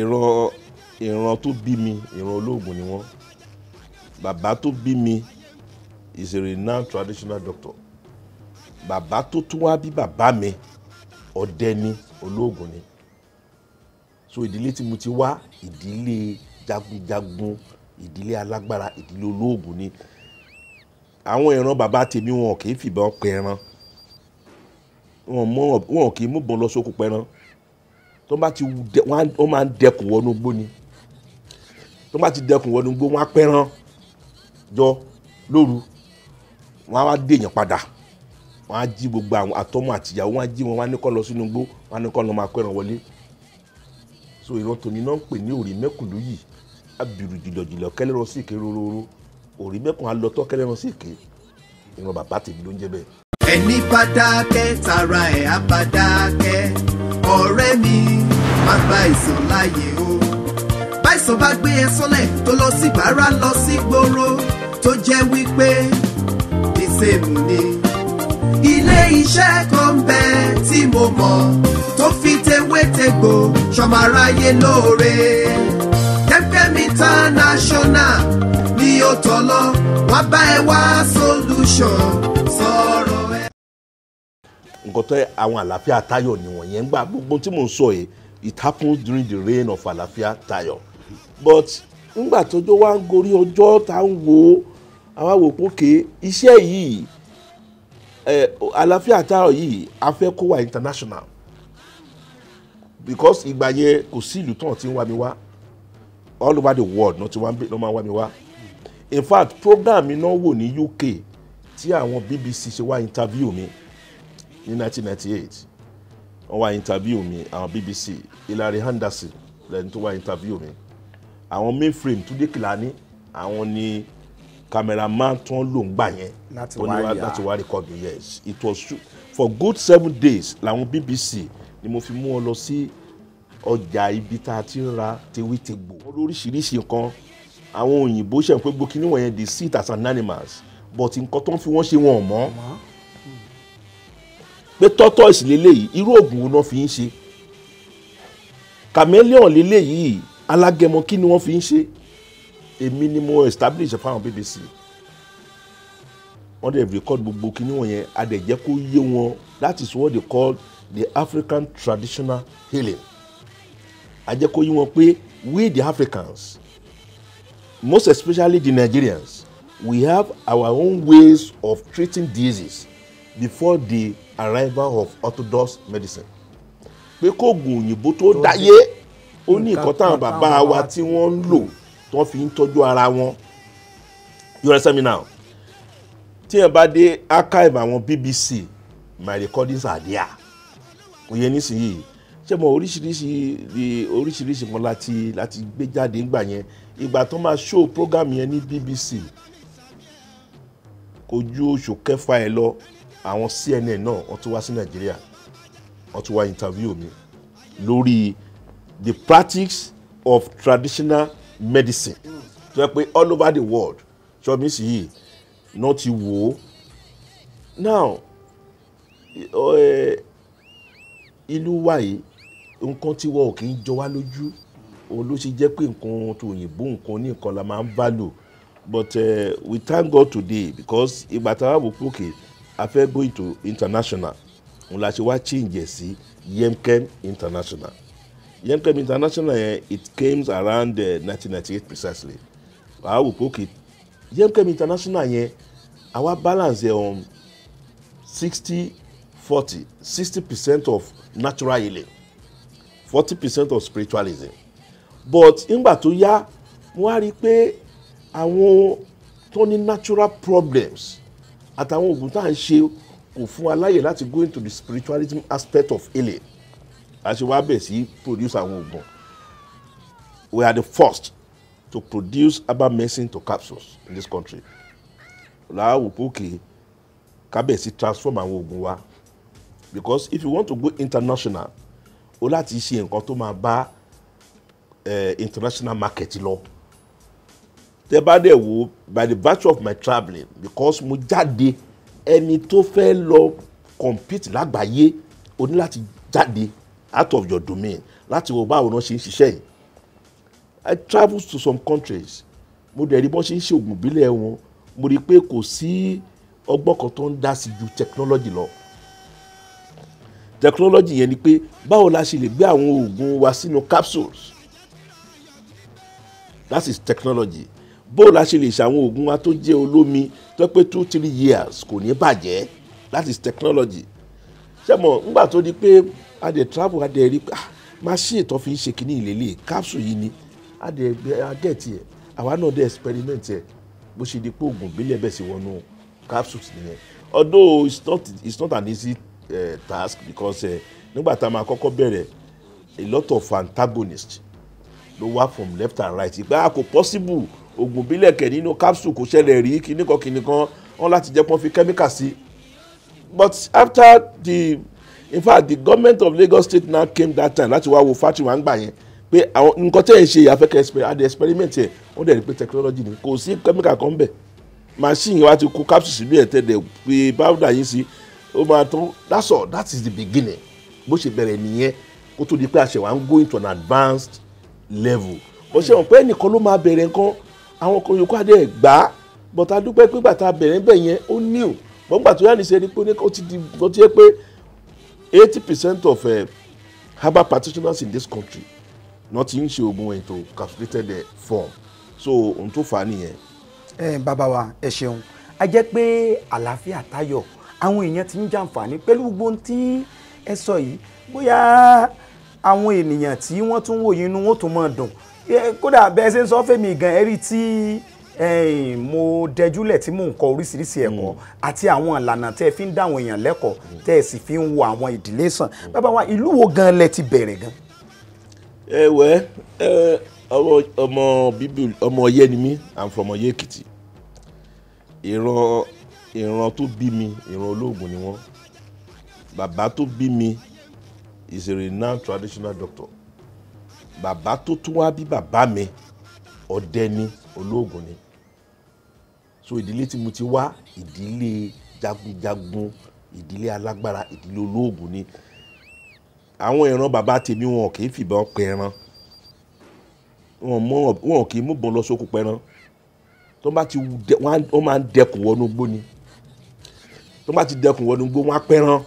ìran ìran tó bí mi ìran olóògùn ni wọ́n bàbá tó bí mi is a renowned traditional doctor bàbá tó tún wá bí bàbá mi ọdẹ ni olóògùn ni so ìdílé tí mo ti wá ìdílé jagunjagun ìdílé alágbára ìdílé olóògùn ni àwọn ìran bàbá tèmi wọn kì í fìbọn pẹran wọn kì í mú bọn lọ sóko pẹran. So tó bá ti wọ́n máa ń dẹkùn wọnú gbó ni tó bá ti dẹkùn wọnú gbó wọ́n á pẹ́ràn jọ lóru wọ́n á wá dèèyàn padà wọ́n á jí gbogbo àwọn àtọ́mọ àtìyàwó wọ́n á jí wọn wọ́n á ní kó lọ sínú gbó wọ́n á ní kó lọ máa pẹ́ràn wọlé so ìran tòní náà ń pè ní òrì mẹ́kùnlú yìí abirù jìlọ̀jìlọ̀ kẹlẹ́rọ sí ìké rororo òrì mẹ́kùn alọ́tọ́ kẹlẹ́rọ sí ìké ìran bàbá tèmi ló ń jẹ́ bẹ́ẹ̀. ẹni bá dákẹ́ tara ẹ̀ á bá dákẹ́ ọ̀rẹ́ mi má gba ìsàn láàyè o báìsàn bá gbé ẹ sọ́lẹ̀ tó lọ sí bàárà lọ sí gbòòrò tó jẹ́ wípé nísèmù ni ilé iṣẹ́ kan ń bẹ tí mo mọ̀ tó fi tewétegbò ṣọmọ lóore Kemkem International ni ó tọ́ lọ wá bá ẹ wá solution sọ̀rọ̀ nǹkan tó àwọn àlàáfíà Táyọ̀ nìwọ̀n yẹn gbà gbogbo tí mò ń sọ yìí it happens during the reign of àlàáfíà Tayo, but ńgbà tọ́jọ́ wa ń gorí ọjọ́ tá ń wo àwọn àwòkún ké iṣẹ́ yìí àlàáfíà Táyọ̀ yìí a fẹ́ kó wà international because ìgbà yẹn kò sí ìlú tán tí ń wá mi wá all over the world náà máa ń wá mi wá in fact program mi náà wò ní UK tí àwọn BBC ṣe wá interview mi ní 1998 wọ́n wá interview mi àwọn BBC Hilary Henderson lẹ́ni tó wá interview mi àwọn mainframe Túndé Kèlání àwọn ni cameraman tó ń lò ń gbà yẹn láti wá láti wá record me yes it was true for good seven days làwọn BBC ni mo fi mú ọ lọ sí ọjà ibi tá a ti ń ra tewétegbò lóríṣiríṣi nǹkan àwọn òyìnbó ṣe ń pé gbókínì wọ̀nyẹn they see it as an animals but nǹkan tó ń fi wọ́n ṣe wọn mọ́ pé tortoise leléyìí irú oògùn wo náà fi ń ṣe chameleon leléyìí alágẹmọ kí ni wọ́n fi ń ṣe èmi ni mo establish fáwọn BBC wọ́n dẹ̀ record gbogbo kíní wọ̀nyẹn a dẹ̀ jẹ́ kó yé wọn that is what they call the African traditional healing a kó yé wọn pé we the Africans most especially the Nigerians we have our own ways of treating diseases before the arrival of orthodox medicine pé kóògùn òyìnbó tó dáyé ó ní nǹkan táwọn bàbá wa tí wọ́n ń lò tí wọ́n fi ń tọ́jú ara wọn you understand me now tí yẹn bá dé archive àwọn BBC my recordings are there kò yẹ nísìnyìí ṣé mo oríṣiríṣi oríṣiríṣi kan láti láti gbé jáde ńgbà yẹn ìgbà tó máa show program yẹn ní BBC kò ju oṣù kẹfà ẹ lọ àwọn CNN náà wọ́n tún wá sí Nàìjíríà wọ́n tún wá interview mi lórí the practice of traditional medicine tó yẹ pé all over the world ṣọ́bí sì yìí náà ti wò ó now eh, ìlú wa yìí nǹkan tí wọn ò kì í jọ wá lójú òun ló ṣe jẹ́ pé nǹkan tó òyìnbó nǹkan ní nǹkan la máa ń bá lò but uh, we thank God today because ìgbà tá a wò pókè a fẹ́ go international òun la ṣe wá change ẹ̀ sí yemkem international yemkem international yẹn it came around eh, nineteen ninety eight precisely wàá wò pé òkè yemkem international yẹn àwa balance ẹ̀ um, sixty forty sixty percent of natural healing forty percent of spiritualism but ńgbà tó yá mo wá rí i pé àwọn tó ní natural problems àtàwọn oògùn tá à ń ṣe kò fún wa láyè láti go into the spiritualism aspect of healing a ṣe bẹ̀ sí produce àwọn oògùn we are the first to produce herbal medicine to capsules in this country làwọn òpókè kábẹ̀sí transform àwọn oògùn wa because if you want to go international o láti ṣe nǹkan tó máa bá eh, international market lọ tẹ bá dẹ̀ wo by the virtue of my travelling because mo jáde ẹni tó fẹ́ lọ compete lágbàáyé o ní láti jáde out of your domain láti wo báwo náà ṣe ń ṣiṣẹ́ yìí i travel to some countries mo dẹ̀ rí bọ́n ṣe ń ṣe oògùn ìbílẹ̀ wọn mo rí i pé kò sí ọgbọ́n kan tó ń dá sí ju technology lọ technology yẹn ni pé báwo la ṣe lè gbé àwọn oògùn wa sínú capsules that is technology bó la ṣe lè ṣàwọn oògùn wa tó jẹ́ olómi tó pé two three years kò ní bàjẹ́ that is technology ṣé mo ngbà tó di pé a dẹ̀ travel a dẹ̀ rí pé ah, machine tó fi ń ṣe kínní ìlélẹ̀ capsule yìí ni a dẹ̀ a dẹ̀ tiẹ̀ àwa náà dẹ̀ experiment ẹ̀ bó ṣe di pé oògùn ìbílẹ̀ bẹ̀ sí wọnú capsules nìyẹn although it's not it's not an easy uh, task because uh, nígbà tá a máa kọ́kọ́ bẹ̀rẹ̀ a lot of antagonists ló wá from left and right ìgbà ah, kò possible oògùn bílẹ̀ nínú capsule kò ṣẹlẹ̀ rí kíníkan kíníkan wọn láti jẹ́ pọ́n fi chemical sí but after the in fact the government of Lagos State now came that time láti wá wo factory wa ń gbà yẹn pé àwọn nǹkan tẹ̀ ń ṣe àfẹ́kẹ́ àdé experiment yẹn wọ́n dẹ̀ rí pé technology ni kò sí chemical kan bẹ̀ machine yẹn wá ti kó capsule sínú ẹ̀ tẹ́lẹ̀ pé powder yìí sí ó máa tán that's all that is the beginning bó ṣe bẹ̀rẹ̀ nìyẹn kó tó di pé àṣẹ wa ń go into an advanced level bó ṣe wọn pé ẹnìkan ló máa bẹ̀rẹ̀ nǹkan àwọn kan yòókù adé ẹ̀ gbá bọ̀tà dúpẹ́ pé gbàtà bẹ̀rẹ̀ bẹ̀ yẹn ó new bọ́ngbà tó yà ní sẹ́ni pé ó ti di ó ti yẹ pé eighty percent of uh, herbal practitioners in this country not in ń ṣe oògùn ètò capsulated eh, form so ohun tó fà á nìyẹn. ẹ bàbá wa ẹ ṣeun a jẹ́ pé àlàáfíà tayọ àwọn èèyàn ti ń jàǹfààní pẹ̀lú gbogbo ohun tí ẹ sọ yìí bóyá àwọn ènìyàn tí wọ́n tún wòye inú wọn tún máa dùn kódà bẹ́ẹ̀ ṣe ń sọ fẹ́mi gan ẹ̀rí tí mo dẹjúlẹ̀ tí mò ń kọ oríṣiríṣi ẹ̀kọ́ hmm. àti àwọn ìlànà tẹ́ ẹ fi ń dáwọn èèyàn lẹ́kọ̀ọ́ hmm. tẹ́ ẹ sì fi ń wo àwọn ìdílé sàn bàbá wa ìlú wo gan lẹ ti bẹ̀rẹ̀ gan. ẹ wẹ ẹ ọmọ bíbí ọmọ ọyẹ ni mí i'm from Ọ̀yẹ́ Èkìtì ìran ìran tó bí mi ìran olóògùn ni wọn bàbá tó bí mi is a renowned traditional doctor bàbá tó tún wá bí bàbá mi ọdẹ ni olóògùn ni so ìdílé tí mo ti wá ìdílé jagunjagun ìdílé alágbára ìdílé olóògùn ni àwọn ìran bàbá tèmi wọn kì í fìbọn pẹran wọn kì í mú bọn lọ sóko pẹran tó bá ti wọn máa ń dẹkùn wọnú gbó ni tó bá ti dẹkùn wọnú gbó wọn á pẹran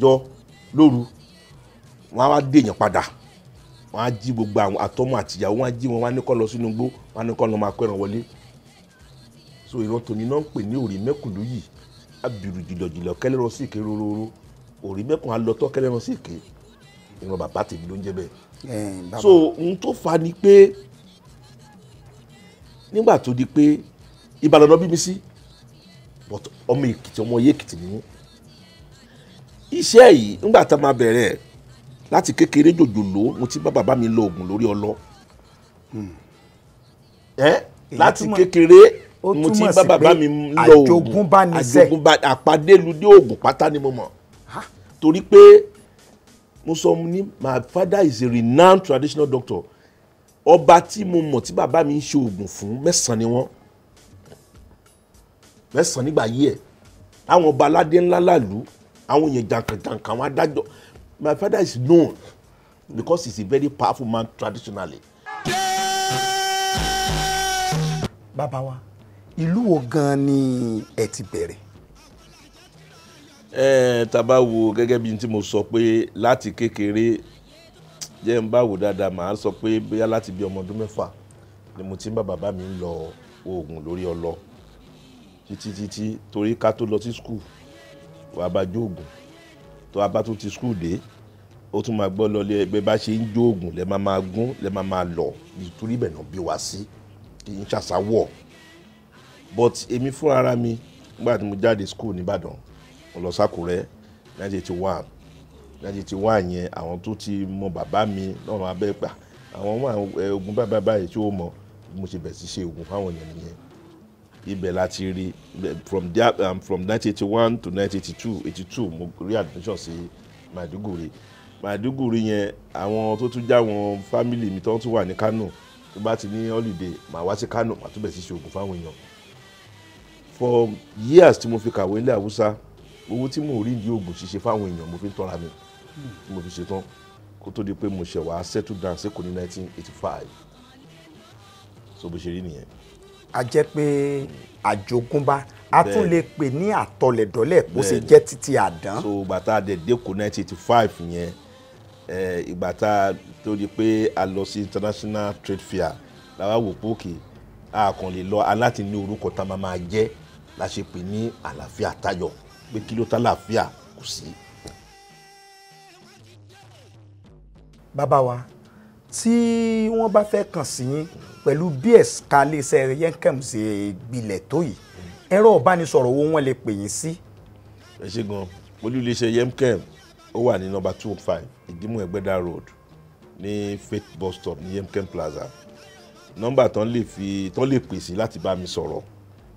jọ lóru wọn á wá dèèyàn padà wọn á jí gbogbo àwọn àtọmọ àtìyàwó wọn á jí wọn wọn á ní kọ́ lọ sínú igbó wọn á ní kọ́ lọ máa kọ́ ẹran wọlé so ìran tòní náà ń pè ní òrì mẹ́kùlú yìí abirù jìlọ̀jìlọ̀ kẹ́lẹ́rọ sí ìké rororo òrì mẹ́kùn alọ́tọ́ kẹ́lẹ́rọ sí ìké ìran bàbá tèmi ló ń jẹ́ bẹ́ẹ̀ so ohun tó fa ni pé nígbà tó di pé Ìbàdàn bí mi sí but ọmọ Èkìtì ọmọ yé Èkìtì nínú iṣẹ́ yìí nígbà tá a máa bẹ̀rẹ̀ láti kékeré jòjòló mo ti bá bàbá mi lo oògùn lórí ọlọ hmm. ẹ láti kékeré mo ti bá bàbá mi lo oògùn àjogúnbá àpadéludé oògùn pátá ni mo mọ̀ torí pé mo sọ ní my father is a renowned traditional doctor ọba tí mo mọ̀ tí bàbá mi ń ṣe oògùn fún mẹ́sàn-án ni wọ́n mẹ́sàn-án nígbà yí ẹ̀ àwọn ọba aládé ńlá làlú àwọn èèyàn jàǹkàjàǹkà àwọn adájọ́ my father is known because he's a very powerful man traditionally. bàbá wa ìlú wo gan ni ẹ ti bẹ̀rẹ̀. ẹ ẹ tá a bá wo gẹ́gẹ́ bí tí mo sọ pé láti kékeré jẹ́ ń bá wò dáadáa màá sọ pé bóyá láti bí ọmọ ọdún mẹ́fà ni mo ti ń bá bàbá mi lọ oògùn lórí ọlọ títí títí torí ká tó lọ sí skul wàá bá jó tó a bá ti skul dé ó tún máa gbọ́ lọlé ẹgbẹ́ bá ṣe ń jó oògùn lẹ́ máa máa gún lẹ́ máa máa lọ ìtúrí ibẹ̀ bí wá sí kì í ṣàṣàwọ̀ but èmi fúnra ara mi nígbà tí mo jáde school nìbàdàn mo lọ sákùrẹ́ 1981 1981 yẹn àwọn tó ti mọ bàbá mi náà máa bẹ́ẹ̀ gbà àwọn wà bàbá báyìí tí ó mọ mo ṣe bẹ̀rẹ̀ sí ṣe oògùn fáwọn èèyàn nìyẹn ibẹ̀ láti rí from there um, from 1981 to 1982 82 mo rí admission sí Maiduguri Maiduguri yẹn àwọn tó tún já wọn fámìlì mi tó tún wà ní Kano tó bá ti ní holiday màá wá sí Kano màá tún bẹ̀ sí ṣoògùn fáwọn èèyàn for years tí mo fi kàwé ilé Haúsá owó tí mo rí ní oògùn ṣíṣe fáwọn èèyàn mo fi ń tọ́ra mi tí mo fi ṣe tán kó tó di pé mo ṣẹ̀ wá settle down sí kò ní 1985 so bó ṣe rí nìyẹn. a jẹ́ pé hmm. àjogúnbá a tún lè pè ní àtọlẹ̀dọ́lẹ̀ bó ṣe jẹ́ títí àdán. so bàtà dẹ̀ dẹ́kun 1985 yẹn ìgbà tá a tó di pé a lọ sí international trade fair làwa wò pé òkè a kàn lè lọ aláti ní orúkọ tá a máa jẹ́ la ṣe pè ní àlàáfíà tayọ pé kí ló tá àlàáfíà kò sí. bàbá wa tí wọ́n bá fẹ́ kàn sí yín pẹ̀lú bí ẹ̀ka iléeṣẹ́ Yenkem ṣe gbilẹ̀ tó yìí ẹ̀rọ ìbánisọ̀rọ̀ wo wọ́n lè pè yín sí. ẹ ṣe gan olú iléeṣẹ́ Yenkem ó wà ní nọ́mbà two oh five ìdímú ẹgbẹ́dá road ní faith bus stop ní yemkem plaza nọ́mbà tán lè fi tán lè pèsè láti bá mi sọ̀rọ̀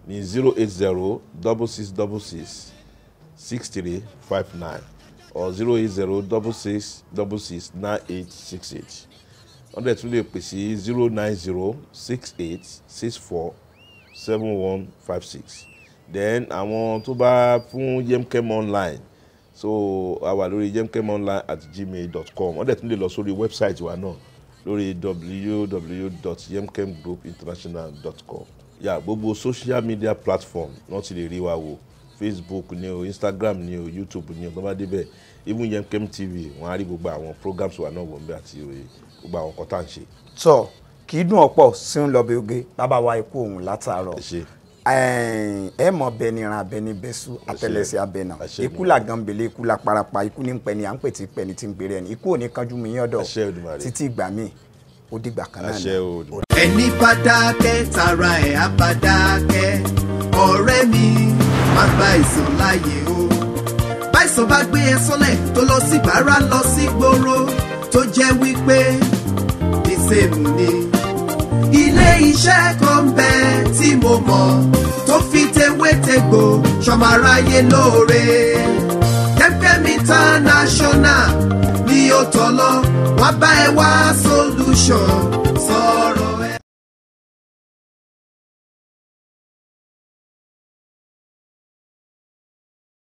ní zero eight zero double six double six six three five nine or zero eight zero double six double six nine eight six eight wọ́n dẹ̀ tún lè pèsè zero nine zero six eight six four seven one five six then àwọn tó bá fún yemkem online so a wà lórí jemkemonline at gmail dot com wọ́n dẹ̀ tún lè lọ sórí wẹ́bsáìtì wa náà lórí www.yemkemgroupinternational.com yà yeah, gbogbo social media platform náà ti lè rí wa wò facebook ni o instagram ni o youtube ni o tó bá débẹ̀ even yemkem tv wọ́n á rí gbogbo àwọn programs wa náà wọ̀ nbẹ àti gbogbo àwọn nǹkan tá à ń ṣe. tọ́ kì í dùn ọ̀pọ̀ sí ń lọ bàbá wa ikú òun látàárọ̀ ẹ mọ bẹni ran abẹni bẹsù àtẹlẹsẹ̀ abẹnà ikú làgànbẹlẹ ikú làparapa ikú ní pẹni à ń pè tí pẹni tí ń gbèrè ẹni ikú ò ní kanjú mi yín ọ̀dọ̀ títí ìgbà míì ó dìgbà kan náà ni. ẹni bá tara ẹ̀ á bá ọ̀rẹ́ mi má gba ìsàn láàyè o báìsàn bá gbé ẹ sọ́lẹ̀ tó lọ sí bàárà lọ sí gbòòrò tó jẹ́ wípé ìsèmù ni ilé iṣẹ́ kan mo mọ̀ tó fi tewétegbò ṣọmọ aráyé lóore. Kẹ́mi International ni ó tọ́ lọ wá bá ẹ wá solution sọ̀rọ̀.